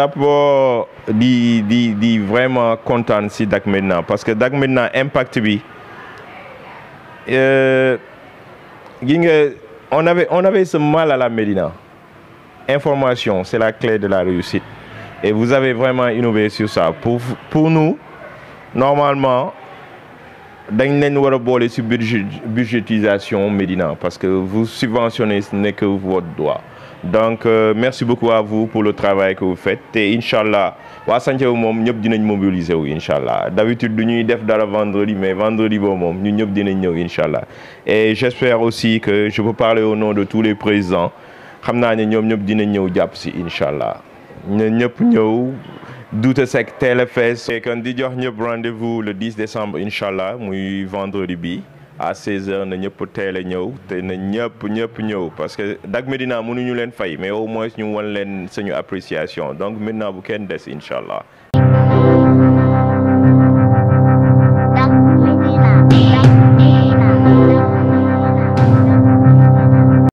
d'abord di di vraiment content si Dak Medina, parce que Dak Medina impact bi euh, on avait on avait ce mal à la Médina information c'est la clé de la réussite et vous avez vraiment innové sur ça pour pour nous normalement dans une nouvelle a sur budgétisation Médina parce que vous subventionnez ce n'est que votre droit donc euh, merci beaucoup à vous pour le travail que vous faites et Inch'Allah, allah waa Santhiou mobiliser Inch'Allah. d'habitude du ñuy def dara vendredi mais vendredi bon moom ñun mobiliser, dinañ et j'espère aussi que je peux parler au nom de tous les présents, xam naa ne mobiliser, ñëpp dinañ ñëw jàpp Nous allons allah ñëpp ñëw TLFS. kon di jox rendez-vous le 10 décembre Inch'Allah, nous vendredi à 16h na ñëpp télé a ñëw nous na ñëpp ñëpp ñëw parce que Dag Médina mënuñu leen fay mais au moins ñu avons leen suñu appréciation donc maintenant bu kenn des incha